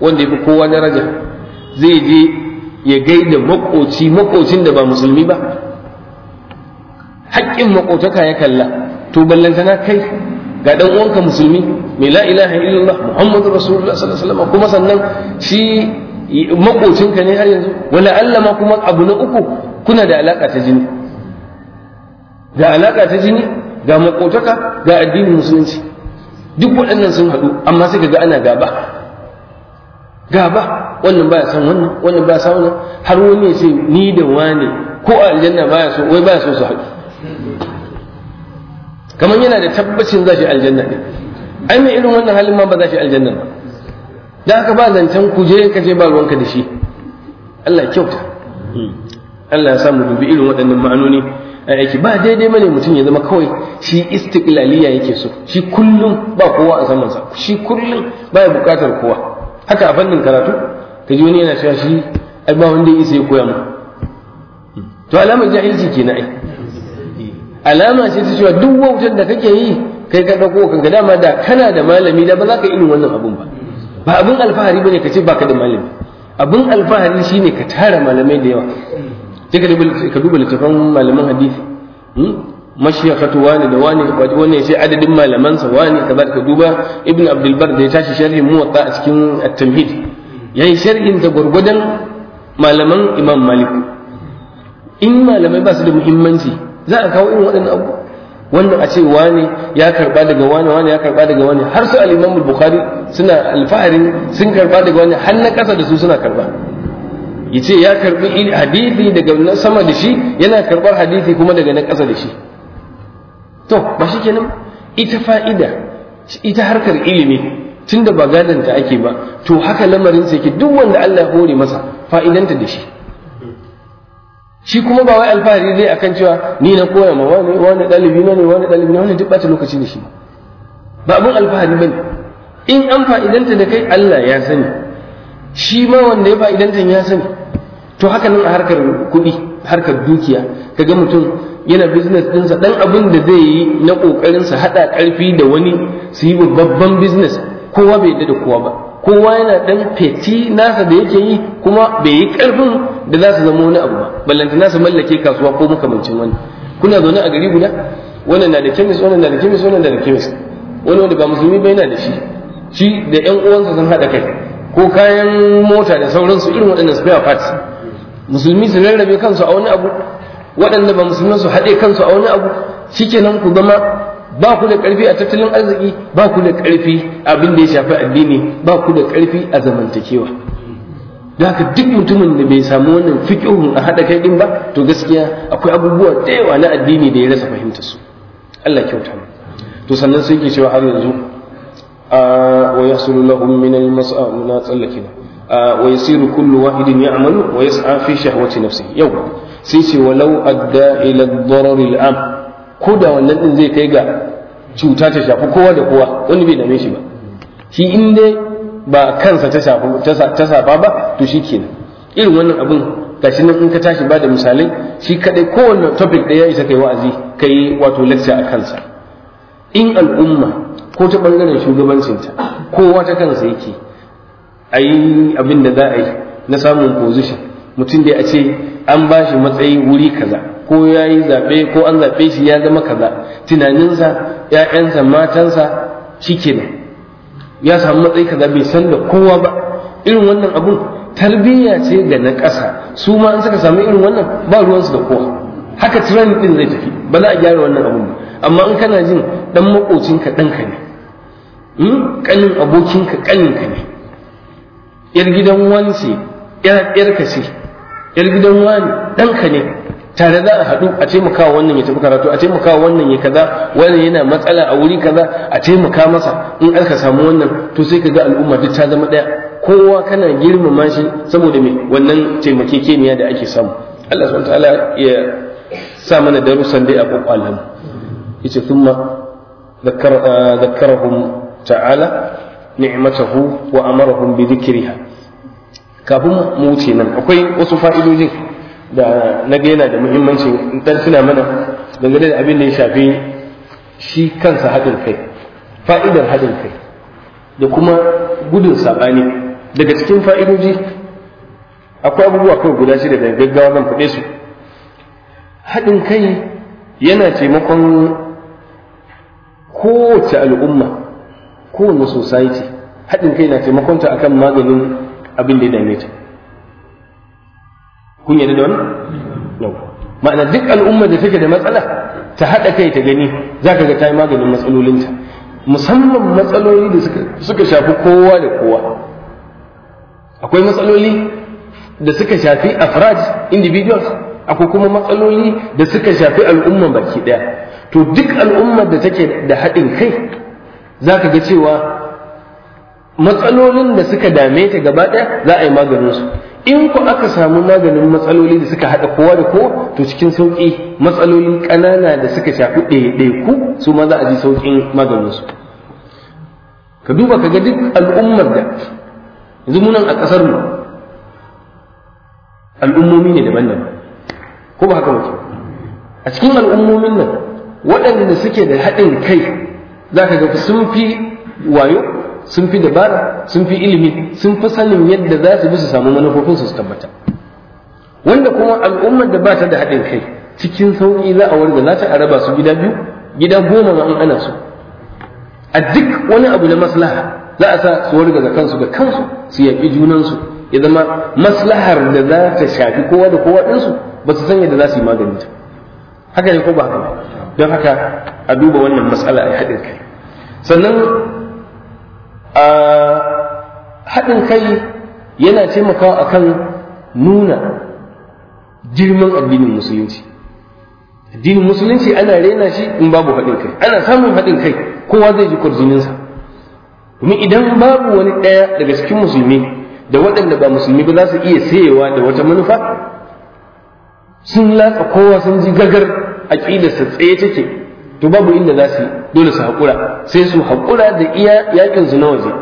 wanda ya fi kowa daraja zai je ya gaida makoci makocin da ba musulmi ba haƙƙin makotaka ya kalla to ballantana kai ga dan uwanka musulmi mai la'ilaha ilaha illallah muhammadu rasulullah sallallahu alaihi wasallam kuma sannan shi makocinka ne har yanzu wala allama kuma abu na uku kuna da alaka ta jini Da alaka ta jini ga makotaka ga addinin musulunci duk waɗannan sun haɗu amma sai ka ga ana gaba gaba wannan baya san wannan wannan baya san wannan har wani sai ni da wani ko a aljanna baya so wai baya so su haɗu kamar yana da tabbacin za shi aljanna ne ai mai irin wannan halin ma ba za shi aljanna ba da haka ba zancen kuje ka je ba ruwanka da shi Allah kyauta hmm. Allah ya samu dubi irin waɗannan ma'anoni a yake ba daidai bane mutum ya zama kawai shi istiqlaliya yake so shi kullum ba kowa a saman shi kullum ba ya bukatar kowa haka a fannin karatu ka ji wani yana cewa shi ai ba wanda ya isa ya koya mu hmm. to alamar jahilci kenan ai alama ce ta cewa duk wautar da kake yi kai ka dauko kanka dama da kana da malami da ba za ka irin wannan abun ba ba abin alfahari bane ka ce baka da malami abin alfahari shine ka tara malamai da yawa sai ka duba littafan malaman hadisi hmm? mashiyakatu wani da wani wani sai adadin malamansa wani ka ka duba abdul abdulbar da ya tashi sharhin muwatta a cikin at-tamhid yayi sharhin ta gurgudan malaman imam malik in malamai ba su da muhimmanci za a kawo irin waɗannan abu wannan a ce wani ya karba daga wani wani ya karba daga wani har su al bukhari suna alfaharin sun karba daga wani har na kasa da su suna karba yace ya karbi hadisi daga na sama da shi yana karbar hadisi kuma daga na kasa da shi to ba shi kenan ita fa'ida ita harkar ilimi tunda ba gadanta ake ba to haka lamarin sai ke duk wanda Allah ya hore masa fa'idanta da shi shi kuma ba wai alfahari zai akan cewa ni na koya ma wani wani dalibi ne wani dalibi ne wani duk bata lokaci ne shi ba abun alfahari ne. in an fa'idanta da kai Allah ya sani shi ma wanda ya fa'idanta ya sani to haka nan a harkar kuɗi harkar dukiya kaga mutum yana business ɗinsa ɗan abin da zai yi na ƙoƙarinsa haɗa ƙarfi da wani su yi babban business kowa bai yadda da kowa ba kowa yana dan feti nasa da yake yi kuma bai yi karfin da za su zama wani abu ba ballanta nasa mallake kasuwa ko makamancin wani kuna zaune a gari guda wannan na da kemis wannan na da kemis wannan na da kemis wani wanda ba musulmi ba yana da shi shi da yan uwansa sun haɗa kai ko kayan mota da sauransu irin waɗannan spare parts musulmi su rarrabe kansu a wani abu waɗanda ba musulman su haɗe kansu a wani abu shikenan ku zama ba ku da karfi a tattalin arziki ba ku da karfi abin da ya shafi addini ba ku da karfi a zamantakewa da haka duk mutumin da bai samu wannan fiqhun a haɗa kai din ba to gaskiya akwai abubuwa da yawa na addini da ya rasa fahimta su Allah kyauta mu to sannan sai ke cewa har yanzu a wa yahsulu lahum min al-mas'a na tsallakina wa yasiru kullu wahidin ya'malu wa yas'a fi shahwati nafsihi yau sai ce walau adda ila ad-darar al-am ko da wannan din zai kai ga cuta ta shafi kowa da kowa wani bai dame shi ba shi in dai ba kansa ta shafa ba to shi kenan irin wannan abin gashi nan in ka tashi ba da misalai shi kadai kowane topic da ya isa kai wa'azi kai wato lecture a kansa in al'umma ko ta bangaren shugabancinta kowa ta kansa yake a yi abin da za a yi na samun position mutum da a ce an ba shi matsayi wuri kaza ko ya yi zaɓe ko an zaɓe shi ya zama kaza tunaninsa ‘ya'yansa matansa shi kenan ya samu matsayi kaza bai san da kowa ba irin wannan abun tarbiyya ce ga na ƙasa su ma an suka samu irin wannan ba ruwansu da kowa haka tiran din zai tafi ba za a gyara wannan abun ba amma in kana jin dan dan ɗanka ne hmm, ƙanin abokinka ƙaninka ne yar gidan wance yar yarka ce yar gidan wani ɗanka ne tare za a haɗu a taimakawa wannan ya tafi karatu a taimaka wannan ya kaza wannan yana matsala a wuri kaza a taimaka masa in aka samu wannan to sai ka ga al'umma duk ta zama ɗaya kowa kana girmama shi saboda me wannan taimakekeniya da ake samu Allah subhanahu ta'ala ya sa mana darussan dai a kokwalan yace kuma ذكر ذكرهم تعالى نعمته وأمرهم بذكرها kafin mu wuce nan akwai wasu fa'idojin da na ga yana da muhimmanci in dan tuna mana dangane da abin da ya shafi shi kansa haɗin kai fa'idar haɗin kai da kuma gudun saɓani daga cikin fa'idoji akwai abubuwa kai guda shi da gaggawa zan faɗe su haɗin kai yana taimakon kowace al'umma kowane society haɗin kai na taimakonta akan maganin abin da ya dame ta kun yarda da wannan Yau. ma'ana duk al'ummar da take da matsala ta haɗa kai ta gani za ka ga ta yi maganin matsalolinta musamman matsaloli da suka shafi kowa da kowa akwai matsaloli da suka shafi afraj individuals akwai kuma matsaloli da suka shafi al'umma baki ɗaya to duk al'ummar da take da haɗin kai za ka ga cewa matsalolin da suka dame ta gaba ɗaya za a yi maganin su in ku aka samu maganin matsaloli da suka haɗa kowa da ko, to cikin sauƙi matsalolin ƙanana da suka shafi ɗaya ku su ma za a ji sauƙin maganin su ka duba ka ga duk al'ummar da yanzu munan a ƙasar mu al'ummomi ne daban-daban ko ba haka wace a cikin al'ummomin nan waɗanda suke da haɗin kai za ka ga sun fi wayo sun fi dabara sun fi ilimi sun fi sanin yadda za su bi su samu manufofin su tabbata wanda kuma al'ummar da ba ta da haɗin kai cikin sauƙi za a warga za ta araba su gida biyu gida goma ma ana su a duk wani abu na maslaha za a sa su warga kansu ga kansu su yaƙi junansu ya zama maslahar da za ta shafi kowa da kowa ɗinsu ba su san yadda za su yi maganin ta haka ne ko ba haka don haka a duba wannan matsala a haɗin kai sannan A haɗin kai yana taimakawa akan nuna girman addinin musulunci addinin musulunci ana rena shi in babu haɗin kai ana samun haɗin kai kowa zai ji kwarjininsa domin idan babu wani ɗaya daga cikin musulmi da waɗanda ba musulmi ba za su iya sayewa da wata manufa sun latsa kowa sun ji gagar aƙidarsa tsaye take to babu inda za su dole su haƙura sai su haƙura da iya yakin su na waje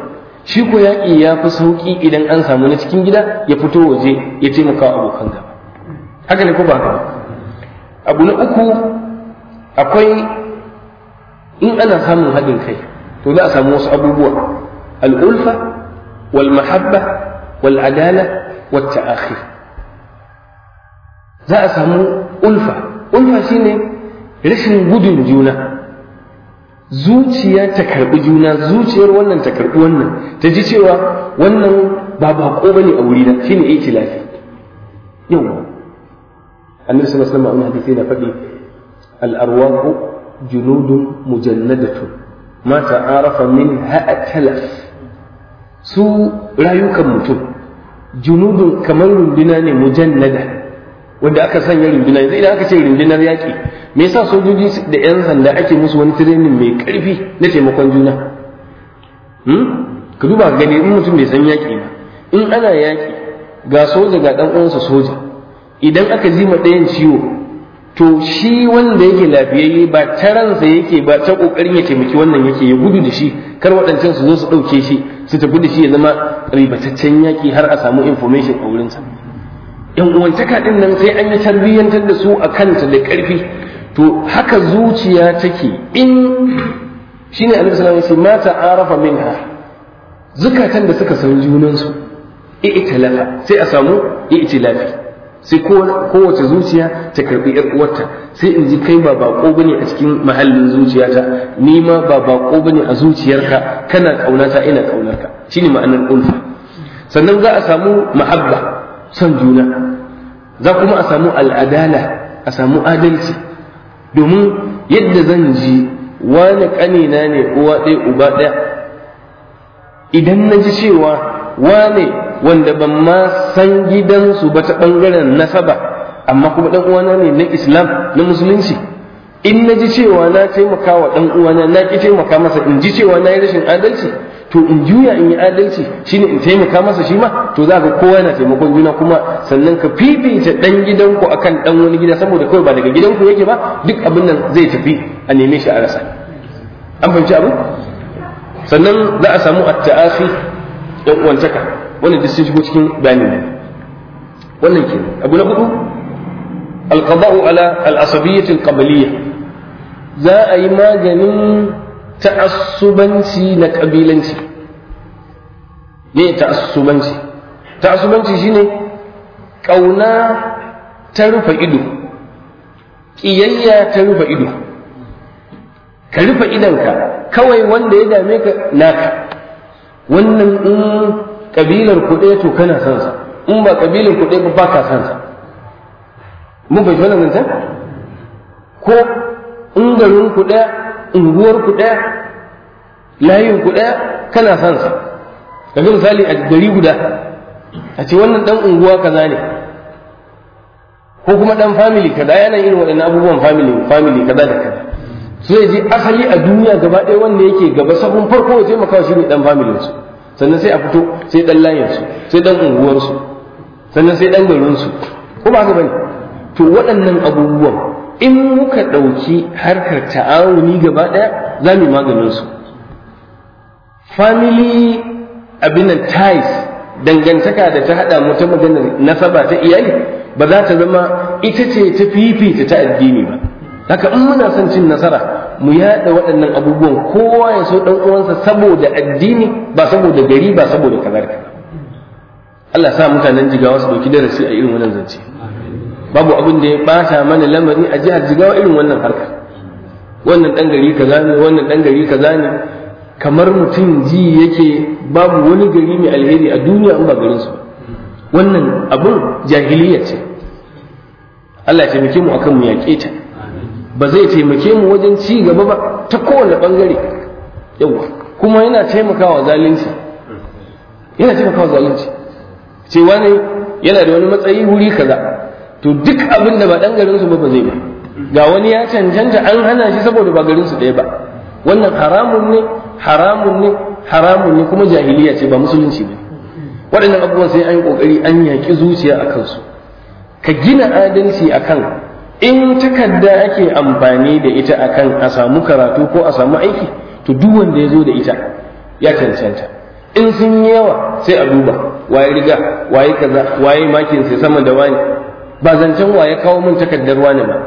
shi ko yaƙi ya fi sauƙi idan an samu na cikin gida ya fito waje ya taimaka abokan gaba haka ne ko ba abu na uku akwai in ana samun haɗin kai to za a samu wasu abubuwa al'ulfa wal mahabba wal adala wacce ta'akhi za a samu ulfa ulfa shine rashin gudun juna zuciya ta karbi juna zuciyar wannan ta karbi wannan ta ji cewa wannan ba bako bane a wuri na shine itilafi yawa annabi sallallahu alaihi wasallam a hadisi na faɗi al arwahu junudun mujannadatun ma ta'arafa min ha'atalaf su rayukan mutum junudun kamar runduna ne mujannada wanda aka sanya rundunar yanzu idan aka ce rundunar yaƙi me yasa sojoji da 'yan sanda ake musu wani training mai ƙarfi na taimakon juna hmm? ka duba ka gani in mutum bai san yaƙi ba in ana yaƙi ga soja ga ɗan uwansa soja idan aka ji ma ɗayan ciwo to shi wanda yake lafiyayye ba ta ransa yake ba ta kokarin ya taimaki wannan yake ya gudu da shi kar waɗancan su zo su ɗauke shi su tafi da shi ya zama ribataccen yaƙi har a samu information a wurinsa yan uwantaka din nan sai an yi tarbiyyantar da su a kanta da ƙarfi to haka zuciya take in shi ne sallallahu alaihi sai mata arafa minha zukatan da suka san junansu i'tilafa sai a samu i'tilafi sai kowace zuciya ta karbi yar uwarta sai in ji kai ba bako bane a cikin mahallin zuciyata ni ma ba bako bane a zuciyarka kana kaunata ina kaunarka shine ma'anar ulfa sannan za a samu mahabba son juna za kuma a samu al'adala a samu adalci domin yadda zan ji wani ƙanina ne uwa ɗaya uba ɗaya idan na ji cewa wane wanda ban ma san gidansu ba ta ɓangaren nasaba amma kuma ɗan uwana ne na islam na musulunci in na ji cewa na taimaka wa ɗan uwana na ƙi taimaka masa in ji cewa na yi rashin adalci to in juya in yi adalci shine in taimaka masa shi ma to za ka kowa yana taimakon juna kuma sannan ka fifita dan gidanku akan dan wani gida saboda kawai ba daga gidanku yake ba duk abin nan zai tafi a neme shi a rasa an fahimci abu? sannan za a samu at-ta'afi dan uwantaka wannan duk sun shigo cikin bayanin wannan kenan abu na hudu al-qada'u ala al-asabiyyah al za a yi maganin ta'assubanci na kabilanci ne ta'assubanci ta'assubanci shine kauna ta rufe ido kiyayya ta rufe ido ka rufe idonka kawai wanda ya dame ka naka wannan in kabilar kuɗe to kana son sa in ba kabilar kuɗe ba ba ka son sa mun bai wannan ta ko in garin kuɗe unguwar ku ɗaya layin ku ɗaya kana son sa kaga misali a gari guda a ce wannan dan unguwa kaza ne ko kuma dan family kaza yana irin waɗannan abubuwan family family kaza da kaza so ya ji asali a duniya gaba ɗaya wanda yake gaba sabon farko ya taimaka shi ne dan family su sannan sai a fito sai dan layin su sai dan unguwar su sannan sai dan garin su ko ba haka bane to waɗannan abubuwan in muka ɗauki harkar ta'awuni gaba ɗaya za mu maganin su family abinan ties dangantaka da ta haɗa mu ta maganar nasaba ta iyali ba za ta zama ita ce ta fifita ta addini ba haka in muna son cin nasara mu yaɗa waɗannan abubuwan kowa ya so ɗan uwansa saboda addini ba saboda gari ba saboda kazarka Allah sa mutanen jigawa su ɗauki darasi a irin wannan zance. babu abin da ya bata mana lamari a jihar jigawa irin wannan harka wannan dan gari kaza ne wannan dan gari kaza ne kamar mutum ji yake babu wani gari mai alheri a duniya in ba garin su wannan abin jahiliya ce Allah ya taimake mu akan mu yaƙe ta ba zai taimake mu wajen ci gaba ba ta kowane bangare yawa kuma yana taimakawa zalunci yana taimakawa zalunci cewa ne yana da wani matsayi wuri kaza to duk abin da ba dan garin su ba ba zai ba ga wani ya cancanta an hana shi saboda ba garin su ɗaya ba wannan haramun ne haramun ne haramun ne kuma jahiliya ce ba musulunci ba. waɗannan abubuwan sai an yi ƙoƙari an yaƙi zuciya a kansu ka gina adalci a kan in takarda ake amfani da ita a kan a samu karatu ko a samu aiki to duk wanda ya zo da ita ya cancanta in sun yi yawa sai a duba waye riga waye kaza waye makin sai sama da wani ba zancen wa ya kawo mun takardar wani ba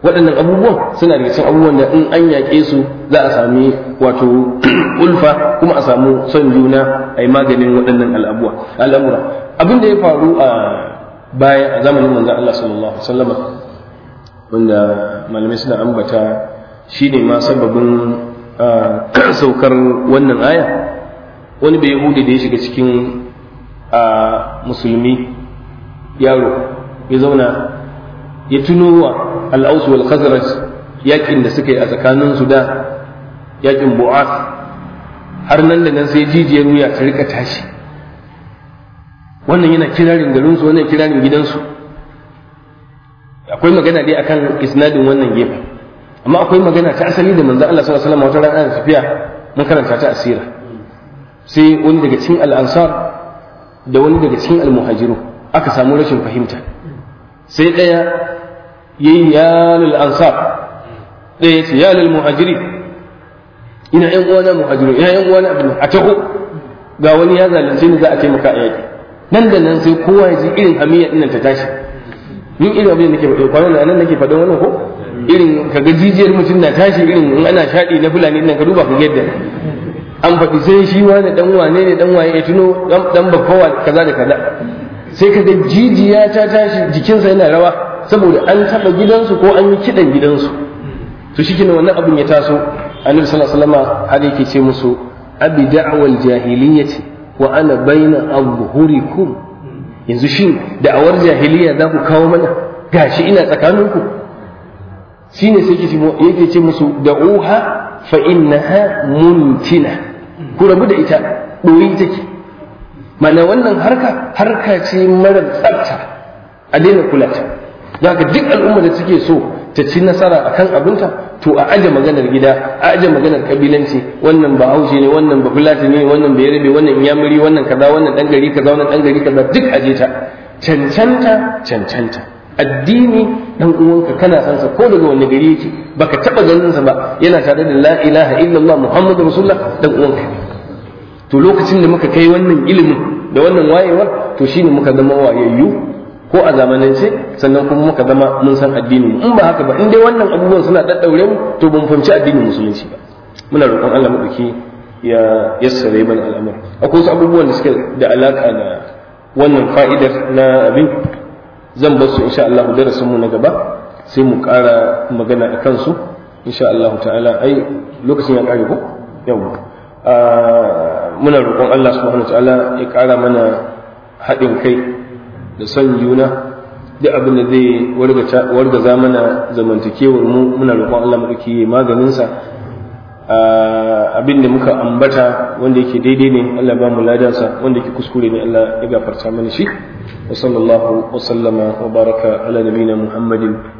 waɗannan abubuwan suna da cikin abubuwan da in an yaƙe su za a sami wato ulfa kuma a samu son juna a yi maganin waɗannan al'amura abin da ya faru a baya a zamanin manzan Allah sallallahu alaihi wasallam wanda malamai suna ambata shi ne ma sababin saukar wannan aya wani bai yahudi da ya shiga cikin musulmi yaro ya zauna ya tuno wa al'aus wal khazraj yakin da suka yi a tsakanin su da yakin bu'as har nan da nan sai jijiyar wuya ta rika tashi wannan yana kirarin garin su wannan kirarin gidansu akwai magana dai akan isnadin wannan gefe amma akwai magana ta asali da manzo Allah sallallahu alaihi wasallam wata ran tafiya mun karanta ta asira sai wani daga cikin al-ansar da wani daga cikin al-muhajirun aka samu rashin fahimta sai ɗaya ya yi yalil ansar ɗaya ya ce yalil muhajiri ina yan uwana muhajiri ina yan uwana abin a taho ga wani ya zalunce ni za a taimaka a yaƙi nan da nan sai kowa ya ji irin hamiyya ɗin ta tashi yin irin abin da nake faɗo kwanan nan nake faɗo wannan ko irin kaga jijiyar mutum na tashi irin in ana shaɗi na fulani nan ka duba ka yadda an faɗi sai shi wani dan wane ne dan waye ya tuno dan bakkowa kaza da kaza sai ka ga jijiya ta tashi jikinsa yana rawa saboda an taba gidansu ko an yi kidan gidansu to shi kina wannan abin ya taso annabi sallallahu alaihi wasallam har yake ce musu abi da'wal jahiliyyati wa ana baina adhhurikum yanzu shi da'awar jahiliya za ku kawo mana gashi ina tsakaninku shine sai yake ce musu da'uha fa innaha muntina ku rabu da ita doyi take ma'ana wannan harka harka ce mara tsafta a daina kula ta don haka duk al'umma da suke so ta ci nasara a kan abinta to a aje maganar gida a aje maganar kabilanci wannan ba haushe ne wannan ba fulati ne wannan ba yarbe wannan yamuri wannan kaza wannan dan gari kaza wannan dan gari kaza duk aje ta cancanta cancanta addini dan uwanka kana san sa ko daga wani gari yake baka taba ganin sa ba yana tare da la ilaha illallah muhammadu rasulullah dan uwanka to lokacin da muka kai wannan ilimin da wannan wayewar to shine muka zama wayayyu ko a zamanance sannan kuma muka zama mun san addinin in ba haka ba in dai wannan abubuwan suna daddaure mu to ban fahimci addinin musulunci ba muna roƙon Allah madauki ya yassare mana al'amur akwai wasu abubuwan da suke da alaka da wannan fa'idar na abin zan bar su insha Allah darasin mu na gaba sai mu ƙara magana a kansu insha Allah ta'ala ai lokacin ya ƙare ko yawa Ah, muna roƙon Allah subhanahu wataala ya ƙara mana haɗin kai da son juna duk abin da zai wargaza mana zamantakewar mu muna roƙon Allah maɗauki maganinsa ah, abin da muka ambata wanda yake daidai ne Allah ba mu ladansa wanda yake kuskure ne Allah ya gafarta mana shi wa sallallahu wa sallama wa baraka ala muhammadin